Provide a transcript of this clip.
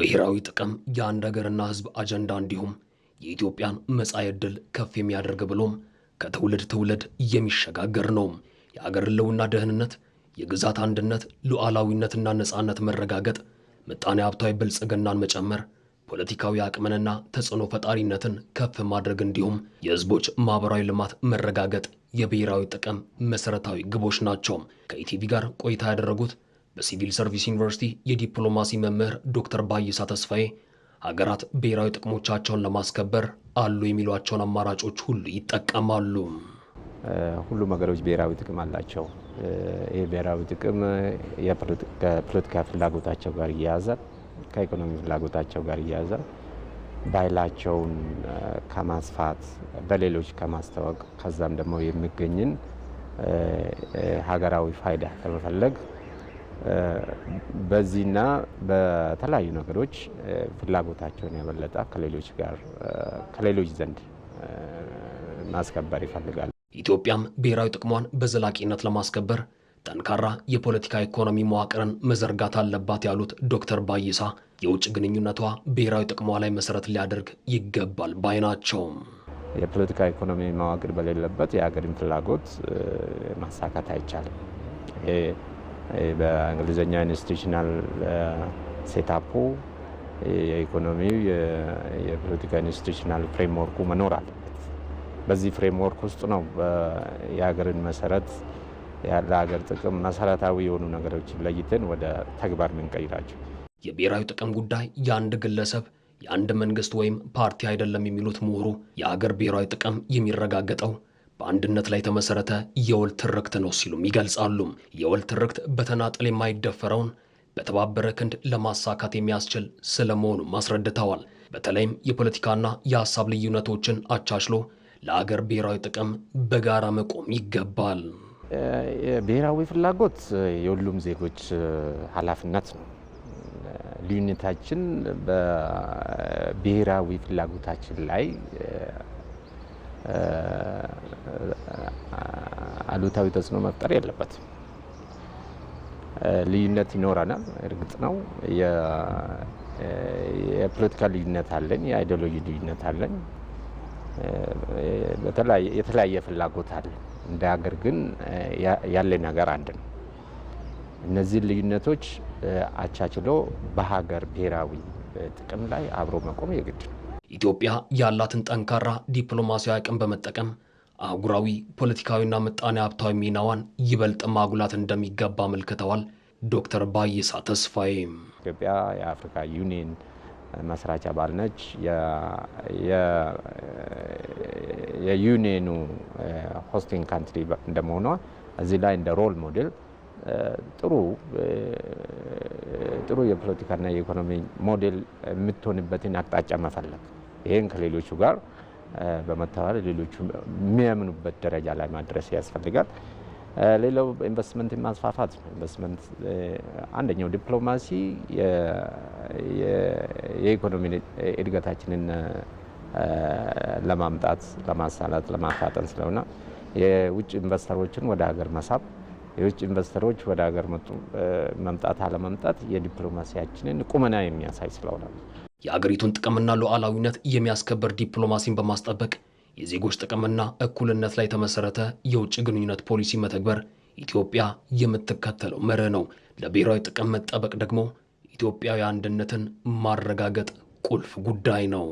ብሔራዊ ጥቅም የአንድ ሀገርና ህዝብ አጀንዳ እንዲሁም የኢትዮጵያን መጻኢ ዕድል ከፍ የሚያደርግ ብሎም ከትውልድ ትውልድ የሚሸጋገር ነው። የአገር ህልውና፣ ደህንነት፣ የግዛት አንድነት፣ ሉዓላዊነትና ነጻነት መረጋገጥ፣ ምጣኔ ሀብታዊ ብልጽግናን መጨመር፣ ፖለቲካዊ አቅምንና ተጽዕኖ ፈጣሪነትን ከፍ ማድረግ እንዲሁም የህዝቦች ማኅበራዊ ልማት መረጋገጥ የብሔራዊ ጥቅም መሠረታዊ ግቦች ናቸው። ከኢቲቪ ጋር ቆይታ ያደረጉት በሲቪል ሰርቪስ ዩኒቨርሲቲ የዲፕሎማሲ መምህር ዶክተር ባይሳ ተስፋዬ ሀገራት ብሔራዊ ጥቅሞቻቸውን ለማስከበር አሉ የሚሏቸውን አማራጮች ሁሉ ይጠቀማሉ። ሁሉም ሀገሮች ብሔራዊ ጥቅም አላቸው። ይህ ብሔራዊ ጥቅም ከፖለቲካ ፍላጎታቸው ጋር እያያዛል፣ ከኢኮኖሚ ፍላጎታቸው ጋር እያያዛል። ባህላቸውን ከማስፋት በሌሎች ከማስተዋወቅ ከዛም ደግሞ የሚገኝን ሀገራዊ ፋይዳ ከመፈለግ በዚህና በተለያዩ ነገሮች ፍላጎታቸውን ያበለጠ ከሌሎች ጋር ከሌሎች ዘንድ ማስከበር ይፈልጋል። ኢትዮጵያም ብሔራዊ ጥቅሟን በዘላቂነት ለማስከበር ጠንካራ የፖለቲካ ኢኮኖሚ መዋቅርን መዘርጋት አለባት ያሉት ዶክተር ባይሳ የውጭ ግንኙነቷ ብሔራዊ ጥቅሟ ላይ መሰረት ሊያደርግ ይገባል ባይ ናቸው። የፖለቲካ ኢኮኖሚ መዋቅር በሌለበት የሀገርን ፍላጎት ማሳካት አይቻልም። በእንግሊዝኛ ኢንስቲቱሽናል ሴታፑ የኢኮኖሚው የፖለቲካ ኢንስቲቱሽናል ፍሬምወርኩ መኖር አለበት። በዚህ ፍሬምወርክ ውስጥ ነው የሀገርን መሰረት ለሀገር ጥቅም መሰረታዊ የሆኑ ነገሮችን ለይትን ወደ ተግባር ምንቀይራቸው። የብሔራዊ ጥቅም ጉዳይ የአንድ ግለሰብ የአንድ መንግስት ወይም ፓርቲ አይደለም የሚሉት ምሁሩ የአገር ብሔራዊ ጥቅም የሚረጋገጠው በአንድነት ላይ የተመሰረተ የወል ትርክት ነው ሲሉም ይገልጻሉ። የወል ትርክት በተናጠል የማይደፈረውን በተባበረ ክንድ ለማሳካት የሚያስችል ስለመሆኑ አስረድተዋል። በተለይም የፖለቲካና የሀሳብ ልዩነቶችን አቻችሎ ለአገር ብሔራዊ ጥቅም በጋራ መቆም ይገባል። ብሔራዊ ፍላጎት የሁሉም ዜጎች ኃላፊነት ነው። ልዩነታችን በብሔራዊ ፍላጎታችን ላይ አሉታዊ ተጽዕኖ መፍጠር የለበትም። ልዩነት ይኖረናል፣ እርግጥ ነው። የፖለቲካ ልዩነት አለን፣ የአይዲዮሎጂ ልዩነት አለን፣ የተለያየ ፍላጎት አለን። እንደ ሀገር ግን ያለ ነገር አንድ ነው። እነዚህን ልዩነቶች አቻችሎ በሀገር ብሔራዊ ጥቅም ላይ አብሮ መቆም የግድ ነው። ኢትዮጵያ ያላትን ጠንካራ ዲፕሎማሲያዊ አቅም በመጠቀም አህጉራዊ ፖለቲካዊና ምጣኔ ሀብታዊ ሚናዋን ይበልጥ ማጉላት እንደሚገባ አመልክተዋል ዶክተር ባይሳ ተስፋዬ። ኢትዮጵያ የአፍሪካ ዩኒየን መስራች አባል ነች። የዩኒየኑ ሆስቲንግ ካንትሪ እንደመሆኗ እዚህ ላይ እንደ ሮል ሞዴል ጥሩ ጥሩ የፖለቲካና የኢኮኖሚ ሞዴል የምትሆንበትን አቅጣጫ መፈለግ ይህን ከሌሎቹ ጋር በመተባበር ሌሎቹ የሚያምኑበት ደረጃ ላይ ማድረስ ያስፈልጋል። ሌላው ኢንቨስትመንት ማስፋፋት ኢንቨስትመንት አንደኛው ዲፕሎማሲ የኢኮኖሚ እድገታችንን ለማምጣት ለማሳላት፣ ለማፋጠን ስለሆነ የውጭ ኢንቨስተሮችን ወደ ሀገር መሳብ የውጭ ኢንቨስተሮች ወደ ሀገር መምጣት አለመምጣት የዲፕሎማሲያችንን ቁመና የሚያሳይ ስለሆነ የአገሪቱን ጥቅምና ሉዓላዊነት የሚያስከብር ዲፕሎማሲን በማስጠበቅ የዜጎች ጥቅምና እኩልነት ላይ የተመሰረተ የውጭ ግንኙነት ፖሊሲ መተግበር ኢትዮጵያ የምትከተለው መርህ ነው። ለብሔራዊ ጥቅም መጠበቅ ደግሞ ኢትዮጵያዊ አንድነትን ማረጋገጥ ቁልፍ ጉዳይ ነው።